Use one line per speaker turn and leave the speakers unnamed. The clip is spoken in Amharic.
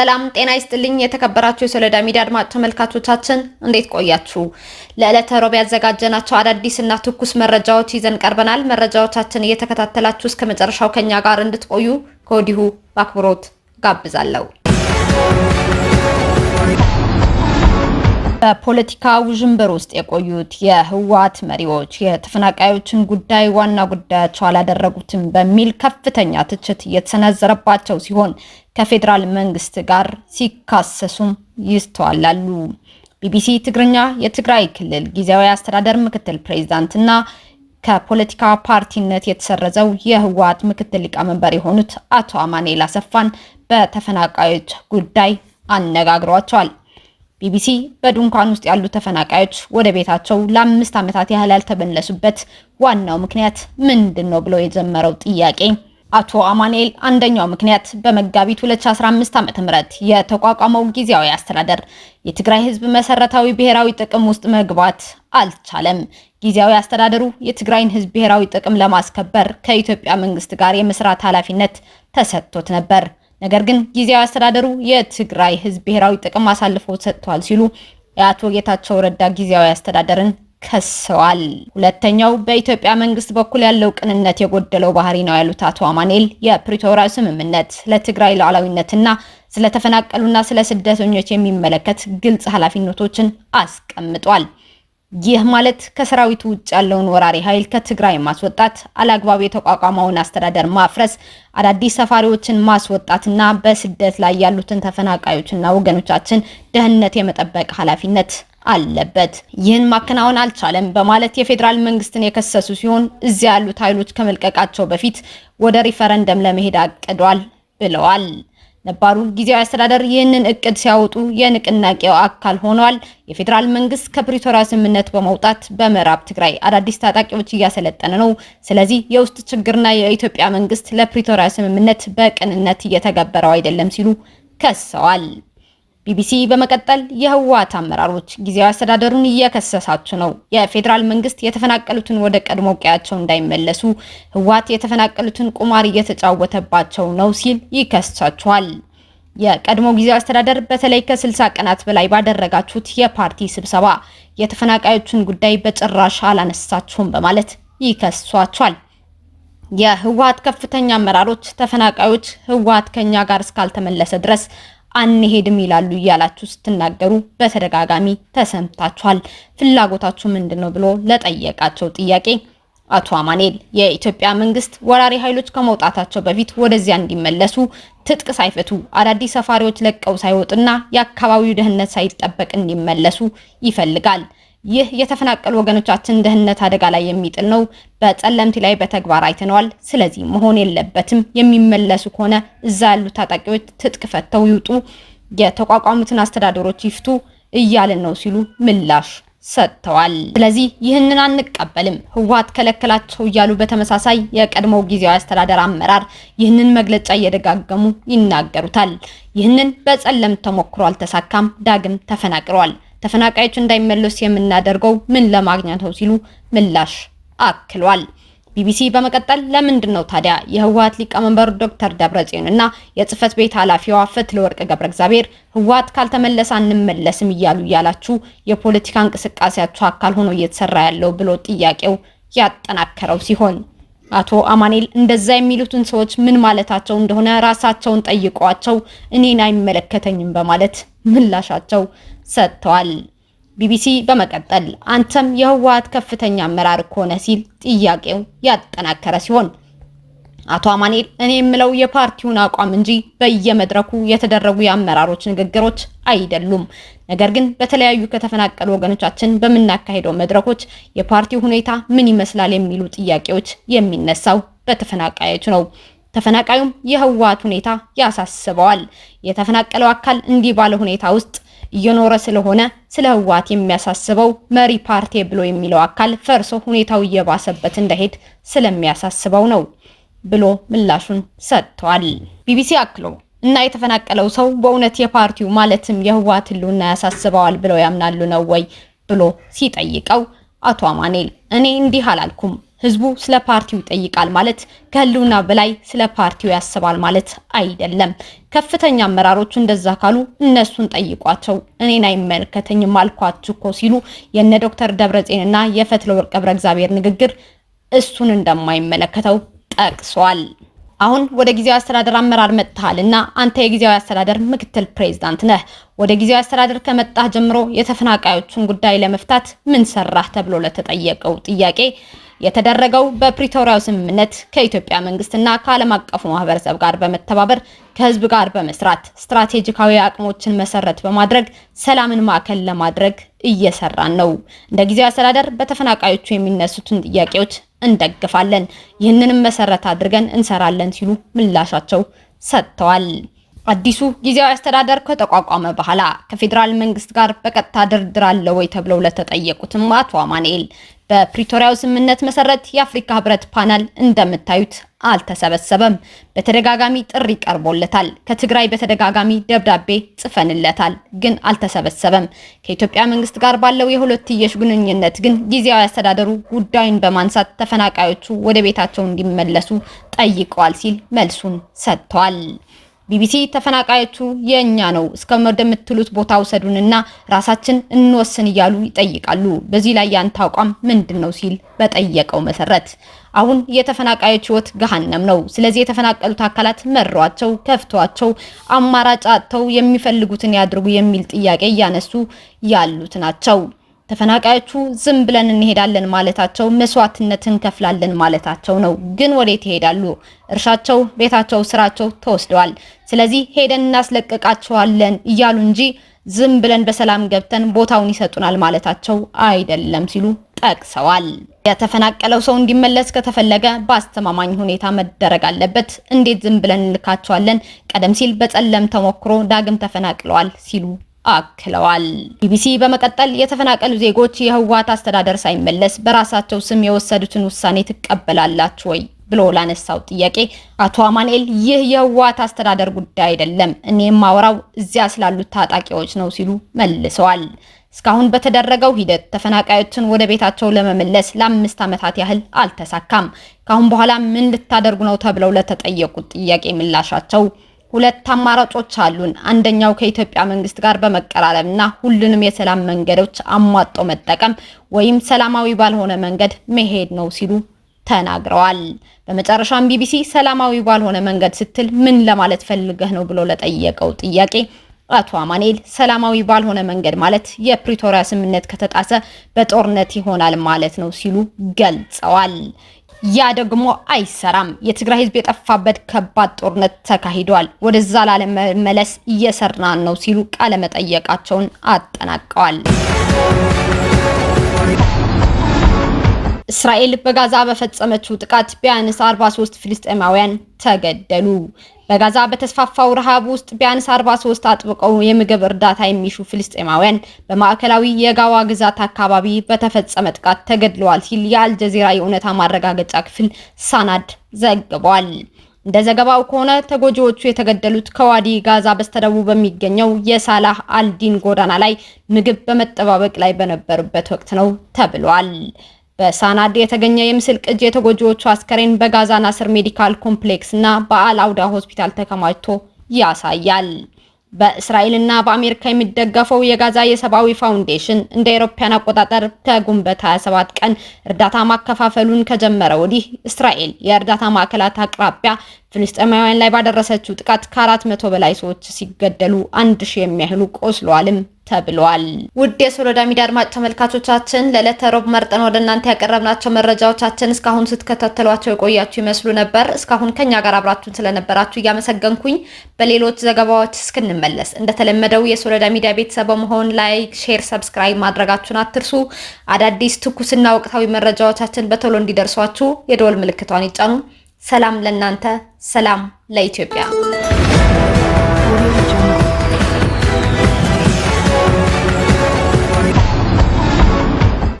ሰላም ጤና ይስጥልኝ። የተከበራችሁ የሶሎዳ ሚዲያ አድማጭ ተመልካቾቻችን እንዴት ቆያችሁ? ለዕለተ ሮብ ያዘጋጀናቸው አዳዲስ እና ትኩስ መረጃዎች ይዘን ቀርበናል። መረጃዎቻችን እየተከታተላችሁ እስከ መጨረሻው ከኛ ጋር እንድትቆዩ ከወዲሁ በአክብሮት ጋብዛለሁ። በፖለቲካ ውዥንብር ውስጥ የቆዩት የህወሓት መሪዎች የተፈናቃዮችን ጉዳይ ዋና ጉዳያቸው አላደረጉትም በሚል ከፍተኛ ትችት እየተሰነዘረባቸው ሲሆን ከፌዴራል መንግስት ጋር ሲካሰሱም ይስተዋላሉ። ቢቢሲ ትግርኛ የትግራይ ክልል ጊዜያዊ አስተዳደር ምክትል ፕሬዚዳንት እና ከፖለቲካ ፓርቲነት የተሰረዘው የህወሀት ምክትል ሊቀመንበር የሆኑት አቶ አማኑኤል አሰፋን በተፈናቃዮች ጉዳይ አነጋግሯቸዋል። ቢቢሲ በድንኳን ውስጥ ያሉ ተፈናቃዮች ወደ ቤታቸው ለአምስት ዓመታት ያህል ያልተመለሱበት ዋናው ምክንያት ምንድን ነው ብለው የጀመረው ጥያቄ አቶ አማኑኤል አንደኛው ምክንያት በመጋቢት 2015 ዓ.ም የተቋቋመው ጊዜያዊ አስተዳደር የትግራይ ህዝብ መሰረታዊ ብሔራዊ ጥቅም ውስጥ መግባት አልቻለም። ጊዜያዊ አስተዳደሩ የትግራይን ህዝብ ብሔራዊ ጥቅም ለማስከበር ከኢትዮጵያ መንግስት ጋር የመስራት ኃላፊነት ተሰጥቶት ነበር። ነገር ግን ጊዜያዊ አስተዳደሩ የትግራይ ህዝብ ብሔራዊ ጥቅም አሳልፎ ሰጥቷል ሲሉ የአቶ ጌታቸው ረዳ ጊዜያዊ አስተዳደርን ከሰዋል። ሁለተኛው በኢትዮጵያ መንግስት በኩል ያለው ቅንነት የጎደለው ባህሪ ነው ያሉት አቶ አማኔል የፕሪቶሪያ ስምምነት ለትግራይ ሉዓላዊነትና ስለተፈናቀሉና ስለ ስደተኞች የሚመለከት ግልጽ ኃላፊነቶችን አስቀምጧል። ይህ ማለት ከሰራዊቱ ውጭ ያለውን ወራሪ ኃይል ከትግራይ ማስወጣት፣ አላግባብ የተቋቋመውን አስተዳደር ማፍረስ፣ አዳዲስ ሰፋሪዎችን ማስወጣትና በስደት ላይ ያሉትን ተፈናቃዮችና ወገኖቻችን ደህንነት የመጠበቅ ኃላፊነት አለበት ይህን ማከናወን አልቻለም በማለት የፌዴራል መንግስትን የከሰሱ ሲሆን እዚያ ያሉት ኃይሎች ከመልቀቃቸው በፊት ወደ ሪፈረንደም ለመሄድ አቅዷል ብለዋል። ነባሩ ጊዜያዊ አስተዳደር ይህንን እቅድ ሲያወጡ የንቅናቄው አካል ሆኗል። የፌዴራል መንግስት ከፕሪቶሪያ ስምምነት በመውጣት በምዕራብ ትግራይ አዳዲስ ታጣቂዎች እያሰለጠነ ነው። ስለዚህ የውስጥ ችግርና የኢትዮጵያ መንግስት ለፕሪቶሪያ ስምምነት በቅንነት እየተገበረው አይደለም ሲሉ ከሰዋል። ቢቢሲ በመቀጠል የህወሓት አመራሮች ጊዜያዊ አስተዳደሩን እየከሰሳችሁ ነው። የፌዴራል መንግስት የተፈናቀሉትን ወደ ቀድሞ ቀያቸው እንዳይመለሱ ህወሓት የተፈናቀሉትን ቁማር እየተጫወተባቸው ነው ሲል ይከሳችኋል። የቀድሞ ጊዜያዊ አስተዳደር በተለይ ከ60 ቀናት በላይ ባደረጋችሁት የፓርቲ ስብሰባ የተፈናቃዮችን ጉዳይ በጭራሽ አላነሳችሁም በማለት ይከሷችኋል። የህወሓት ከፍተኛ አመራሮች ተፈናቃዮች ህወሓት ከኛ ጋር እስካልተመለሰ ድረስ አንሄድም ይላሉ እያላችሁ ስትናገሩ በተደጋጋሚ ተሰምታችኋል። ፍላጎታችሁ ምንድን ነው ብሎ ለጠየቃቸው ጥያቄ አቶ አማኔል የኢትዮጵያ መንግስት ወራሪ ኃይሎች ከመውጣታቸው በፊት ወደዚያ እንዲመለሱ ትጥቅ ሳይፈቱ አዳዲስ ሰፋሪዎች ለቀው ሳይወጡና የአካባቢው ደህንነት ሳይጠበቅ እንዲመለሱ ይፈልጋል። ይህ የተፈናቀሉ ወገኖቻችን ደህንነት አደጋ ላይ የሚጥል ነው። በጸለምቲ ላይ በተግባር አይተነዋል። ስለዚህ መሆን የለበትም። የሚመለሱ ከሆነ እዛ ያሉ ታጣቂዎች ትጥቅ ፈተው ይውጡ፣ የተቋቋሙትን አስተዳደሮች ይፍቱ እያልን ነው ሲሉ ምላሽ ሰጥተዋል። ስለዚህ ይህንን አንቀበልም፣ ህወሓት ከለከላቸው እያሉ በተመሳሳይ የቀድሞው ጊዜያዊ አስተዳደር አመራር ይህንን መግለጫ እየደጋገሙ ይናገሩታል። ይህንን በጸለምት ተሞክሮ አልተሳካም፣ ዳግም ተፈናቅሯል። ተፈናቃዮች እንዳይመለሱ የምናደርገው ምን ለማግኘት ነው ሲሉ ምላሽ አክሏል። ቢቢሲ በመቀጠል ለምንድን ነው ታዲያ የህወሀት ሊቀመንበር ዶክተር ደብረጽዮን እና የጽህፈት ቤት ኃላፊዋ ፈትለወርቅ ገብረ እግዚአብሔር ህወሀት ካልተመለሰ አንመለስም እያሉ እያላችሁ የፖለቲካ እንቅስቃሴያችሁ አካል ሆኖ እየተሰራ ያለው ብሎ ጥያቄው ያጠናከረው ሲሆን አቶ አማኔል እንደዛ የሚሉትን ሰዎች ምን ማለታቸው እንደሆነ ራሳቸውን ጠይቋቸው እኔን አይመለከተኝም በማለት ምላሻቸው ሰጥተዋል። ቢቢሲ በመቀጠል አንተም የህወሓት ከፍተኛ አመራር ከሆነ ሲል ጥያቄው ያጠናከረ ሲሆን አቶ አማኔል እኔ የምለው የፓርቲውን አቋም እንጂ በየመድረኩ የተደረጉ የአመራሮች ንግግሮች አይደሉም። ነገር ግን በተለያዩ ከተፈናቀሉ ወገኖቻችን በምናካሄደው መድረኮች የፓርቲው ሁኔታ ምን ይመስላል የሚሉ ጥያቄዎች የሚነሳው በተፈናቃዮች ነው። ተፈናቃዩም የህወሓት ሁኔታ ያሳስበዋል። የተፈናቀለው አካል እንዲህ ባለ ሁኔታ ውስጥ እየኖረ ስለሆነ ስለ ህወሓት የሚያሳስበው መሪ ፓርቲ ብሎ የሚለው አካል ፈርሶ ሁኔታው እየባሰበት እንዳይሄድ ስለሚያሳስበው ነው። ብሎ ምላሹን ሰጥቷል። ቢቢሲ አክሎ እና የተፈናቀለው ሰው በእውነት የፓርቲው ማለትም የህወሓት ህልውና ያሳስበዋል ብለው ያምናሉ ነው ወይ ብሎ ሲጠይቀው አቶ አማኔል እኔ እንዲህ አላልኩም። ህዝቡ ስለ ፓርቲው ይጠይቃል ማለት ከህልውና በላይ ስለ ፓርቲው ያስባል ማለት አይደለም። ከፍተኛ አመራሮች እንደዛ ካሉ እነሱን ጠይቋቸው፣ እኔን አይመለከተኝም አልኳችሁ እኮ ሲሉ የነ ዶክተር ደብረጽዮንና የፈትለ ወርቅ ገብረ እግዚአብሔር ንግግር እሱን እንደማይመለከተው ጠቅሷል። አሁን ወደ ጊዜያዊ አስተዳደር አመራር መጥተሃል እና አንተ የጊዜያዊ አስተዳደር ምክትል ፕሬዝዳንት ነህ። ወደ ጊዜያዊ አስተዳደር ከመጣህ ጀምሮ የተፈናቃዮቹን ጉዳይ ለመፍታት ምን ሰራህ ተብሎ ለተጠየቀው ጥያቄ የተደረገው በፕሪቶሪያው ስምምነት ከኢትዮጵያ መንግስትና ከዓለም አቀፉ ማህበረሰብ ጋር በመተባበር ከህዝብ ጋር በመስራት ስትራቴጂካዊ አቅሞችን መሰረት በማድረግ ሰላምን ማዕከል ለማድረግ እየሰራን ነው። እንደ ጊዜያዊ አስተዳደር በተፈናቃዮቹ የሚነሱትን ጥያቄዎች እንደግፋለን፣ ይህንንም መሰረት አድርገን እንሰራለን ሲሉ ምላሻቸው ሰጥተዋል። አዲሱ ጊዜያዊ አስተዳደር ከተቋቋመ በኋላ ከፌዴራል መንግስት ጋር በቀጥታ ድርድር አለ ወይ ተብለው ለተጠየቁትም አቶ አማኑኤል በፕሪቶሪያው ስምምነት መሰረት የአፍሪካ ህብረት ፓናል እንደምታዩት አልተሰበሰበም። በተደጋጋሚ ጥሪ ቀርቦለታል። ከትግራይ በተደጋጋሚ ደብዳቤ ጽፈንለታል፣ ግን አልተሰበሰበም። ከኢትዮጵያ መንግስት ጋር ባለው የሁለትዮሽ ግንኙነት ግን ጊዜያዊ አስተዳደሩ ጉዳዩን በማንሳት ተፈናቃዮቹ ወደ ቤታቸው እንዲመለሱ ጠይቀዋል ሲል መልሱን ሰጥቷል። ቢቢሲ ተፈናቃዮቹ የእኛ ነው እስከ የምትሉት ቦታ ውሰዱንና ራሳችን እንወስን እያሉ ይጠይቃሉ። በዚህ ላይ ያንተ አቋም ምንድን ነው ሲል በጠየቀው መሰረት አሁን የተፈናቃዮች ህይወት ገሃነም ነው። ስለዚህ የተፈናቀሉት አካላት መሯቸው፣ ከፍቷቸው፣ አማራጭ አጥተው የሚፈልጉትን ያድርጉ የሚል ጥያቄ እያነሱ ያሉት ናቸው። ተፈናቃዮቹ ዝም ብለን እንሄዳለን ማለታቸው መስዋዕትነት እንከፍላለን ማለታቸው ነው። ግን ወዴት ይሄዳሉ? እርሻቸው፣ ቤታቸው፣ ስራቸው ተወስደዋል። ስለዚህ ሄደን እናስለቀቃቸዋለን እያሉ እንጂ ዝም ብለን በሰላም ገብተን ቦታውን ይሰጡናል ማለታቸው አይደለም ሲሉ ጠቅሰዋል። የተፈናቀለው ሰው እንዲመለስ ከተፈለገ በአስተማማኝ ሁኔታ መደረግ አለበት። እንዴት ዝም ብለን እንልካቸዋለን? ቀደም ሲል በጸለም ተሞክሮ ዳግም ተፈናቅለዋል ሲሉ አክለዋል። ቢቢሲ በመቀጠል የተፈናቀሉ ዜጎች የህወሓት አስተዳደር ሳይመለስ በራሳቸው ስም የወሰዱትን ውሳኔ ትቀበላላችሁ ወይ ብሎ ላነሳው ጥያቄ አቶ አማኑኤል ይህ የህወሓት አስተዳደር ጉዳይ አይደለም፣ እኔ የማወራው እዚያ ስላሉት ታጣቂዎች ነው ሲሉ መልሰዋል። እስካሁን በተደረገው ሂደት ተፈናቃዮችን ወደ ቤታቸው ለመመለስ ለአምስት ዓመታት ያህል አልተሳካም። ከአሁን በኋላ ምን ልታደርጉ ነው ተብለው ለተጠየቁት ጥያቄ ምላሻቸው ሁለት አማራጮች አሉን። አንደኛው ከኢትዮጵያ መንግስት ጋር በመቀራረብ እና ሁሉንም የሰላም መንገዶች አሟጦ መጠቀም ወይም ሰላማዊ ባልሆነ መንገድ መሄድ ነው ሲሉ ተናግረዋል። በመጨረሻም ቢቢሲ ሰላማዊ ባልሆነ መንገድ ስትል ምን ለማለት ፈልገህ ነው ብሎ ለጠየቀው ጥያቄ አቶ አማኑኤል ሰላማዊ ባልሆነ መንገድ ማለት የፕሪቶሪያ ስምምነት ከተጣሰ በጦርነት ይሆናል ማለት ነው ሲሉ ገልጸዋል። ያ ደግሞ አይሰራም። የትግራይ ህዝብ የጠፋበት ከባድ ጦርነት ተካሂዷል። ወደዛ ላለመመለስ እየሰራን ነው ሲሉ ቃለመጠየቃቸውን አጠናቀዋል። እስራኤል በጋዛ በፈጸመችው ጥቃት ቢያንስ 43 ፍልስጤማውያን ተገደሉ። በጋዛ በተስፋፋው ረሃብ ውስጥ ቢያንስ 43 አጥብቀው የምግብ እርዳታ የሚሹ ፍልስጤማውያን በማዕከላዊ የጋዋ ግዛት አካባቢ በተፈጸመ ጥቃት ተገድለዋል ሲል የአልጀዚራ የእውነታ ማረጋገጫ ክፍል ሳናድ ዘግቧል። እንደ ዘገባው ከሆነ ተጎጂዎቹ የተገደሉት ከዋዲ ጋዛ በስተደቡብ በሚገኘው የሳላህ አልዲን ጎዳና ላይ ምግብ በመጠባበቅ ላይ በነበሩበት ወቅት ነው ተብሏል። በሳናድ የተገኘ የምስል ቅጅ የተጎጂዎቹ አስከሬን በጋዛ ናስር ሜዲካል ኮምፕሌክስ እና በአል ሆስፒታል ተከማችቶ ያሳያል። በእስራኤልና በአሜሪካ የሚደገፈው የጋዛ የሰብአዊ ፋውንዴሽን እንደ አውሮፓውያን አቆጣጠር ከግንቦት 27 ቀን እርዳታ ማከፋፈሉን ከጀመረ ወዲህ እስራኤል የእርዳታ ማዕከላት አቅራቢያ ፍልስጤማውያን ላይ ባደረሰችው ጥቃት ከአራት መቶ በላይ ሰዎች ሲገደሉ አንድ ሺህ የሚያህሉ ቆስለዋልም ተብሏል። ውድ የሶሎዳ ሚዲያ አድማጭ ተመልካቾቻችን ለዕለተ ሮብ መርጠን ወደ እናንተ ያቀረብናቸው መረጃዎቻችን እስካሁን ስትከታተሏቸው የቆያችሁ ይመስሉ ነበር። እስካሁን ከኛ ጋር አብራችሁን ስለነበራችሁ እያመሰገንኩኝ በሌሎች ዘገባዎች እስክንመለስ እንደተለመደው የሶሎዳ ሚዲያ ቤተሰብ በመሆን ላይክ፣ ሼር፣ ሰብስክራይብ ማድረጋችሁን አትርሱ። አዳዲስ ትኩስና ወቅታዊ መረጃዎቻችን በቶሎ እንዲደርሷችሁ የደወል ምልክቷን ይጫኑ። ሰላም ለእናንተ፣ ሰላም ለኢትዮጵያ።